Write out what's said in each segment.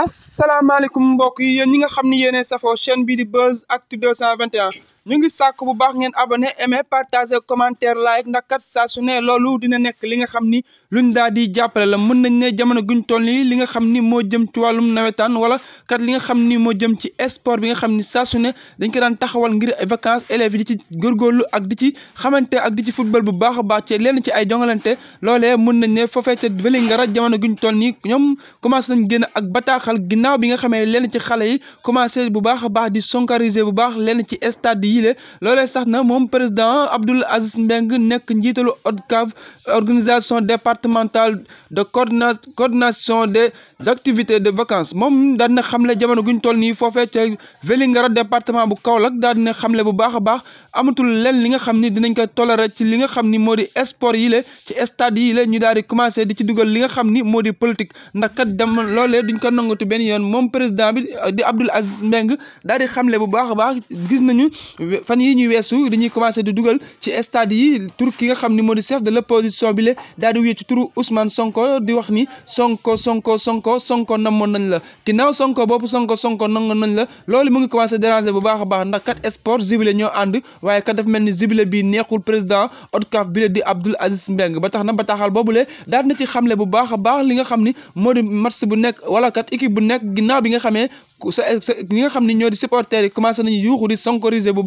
asalaamaaleykum mbokk yi yéen ñi nga xam ni yéenee safoo chaîne bi di Buzz Actu 221 ñu ngi sàkk bu baax ngeen abonné aimé partagé commentaire like ndax kat saa su ne loolu dina nekk li nga xam ni luñ daal di jàppale la mën nañ ne jamono guñ toll nii li nga xam ni moo jëm ci wàllum nawetaan wala kat li nga xam ni moo jëm ci sport bi nga xam ni saa su ne dañ ko daan taxawal ngir vacances élèves yi di ci lu ak di ci xamante ak di ci football bu baax a baax ci lenn ci ay jongalante loole mën nañ ne foofee ca Vélingara jamono guñ toll nii ñoom commencé nañ gën ak bataaxal ginnaaw bi nga xamee lenn ci xale yi commencé bu baax a baax di sonkariser bu baax lenn ci stade yi yii le sax na moom président Abdoul Aziz Mbengue nekk njiitalu ODCAV organisation départementale de coordina coordination de activité de vacances moom daan na xamle jamono guñ toll nii foofee ca Vélingara département bu Kaolack daan na xamle bu baax a baax amatul leen li nga xam ni dinañ ko toléré ci li nga xam ni moo di sport yi le ci stade yi le ñu daal di commencé di ci dugal li nga xam ni moo di politique ndax kat dem loolee duñ ko nangatu benn yoon moom président bi di Abdoul Aziz Mbengue daal bu baax a baax gis nañu fan yi ñuy weesu dañuy commencé di dugal ci stade yi tur nga xam ni moo di chef de l'opposition bi la daal di wécc turu Ousmane Sonko di wax ni Sonko Sonko Sonko Sonko namoon nañ la ginnaaw Sonko boobu Sonko Sonko nangoon nañ la loolu mu ngi commencé déranger bu baax a baax ndax kat sport jubile ñoo ànd waaye kat daf mel ni jubile bi neexul président ODCAV bi la di Abdoul Aziz Mbeng ba tax na bataaxal boobule daal na ci xamle bu baax a baax li nga xam ni moo di match bu nekk bi nga xamee sa sa ñi nga xam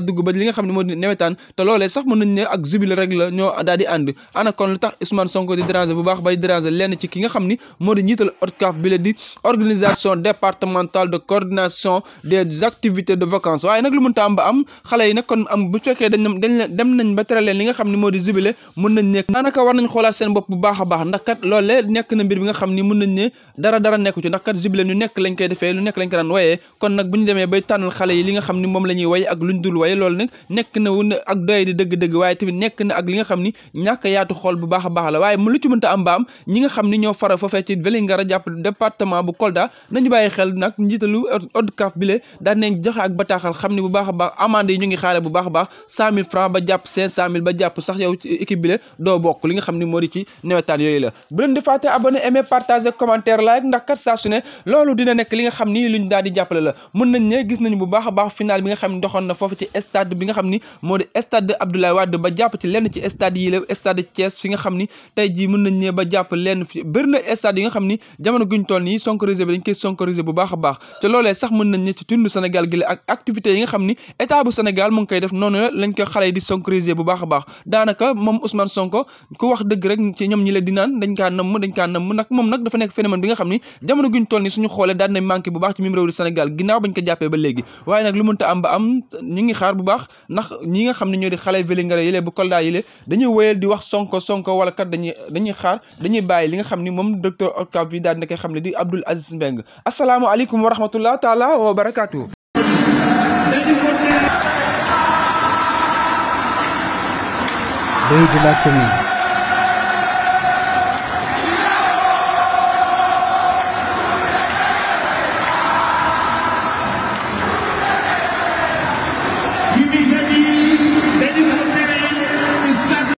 daa dugg ba li nga xam ne moo di nawetaan te loolee sax mën li nga xam a ni mën nañ ne dara dara nekku ci ndax kat jubile lu nekk lañ koy defee lu nekk lañ ko daan wayee kon nag bu ñu demee bay tànnal xale yi li nga xam ni moom la way ak luñ dul way waaye loolu nag nekk na wu ak doy di dëgg-dëgg waaye tamit nekk na ak li nga xam ni ñàkk yaatu xool bu baax a jàpp département bu Kolda nañu bàyyi xel nag njiitalu ODCAV bi le daan joxe ak bataaxal xam ne bu baax baax amende yi ñu ngi xaare bu baax baax cent mille francs ba jàpp cent mille ba jàpp sax yow équipe bi doo bokk li nga xam ni moo di ci nawetaan yooyu la bu leen di fàtte abonné aimé commentaire like ndax kat saa ne loolu di stade bi nga xam ni moo di stade Abdoulaye Wade ba jàpp ci lenn ci stade yi la stade Thiès fi nga xam ni tey jii mën nañ ne ba jàpp lenn fi nga xam ni jamono guñ toll ni suñu xoolee daan nañ bu baax ci mim réew di Sénégal ginnaaw bañ ko jàppee ba léegi waaye nag lu mënta am ba am ñu ngi xaar bu baax ndax ñi nga xam ne ñoo di xale Vélingara yile bu Kolda yile dañuy wéyal di wax sonko sonko wala kat dañuy dañuy xaar dañuy bàyyi li nga xam ni moom docteur Octave bi daal di koy xam ne di Abdoul Aziz mbeng asalaamaaleykum wa wa barakaatu. de la commune.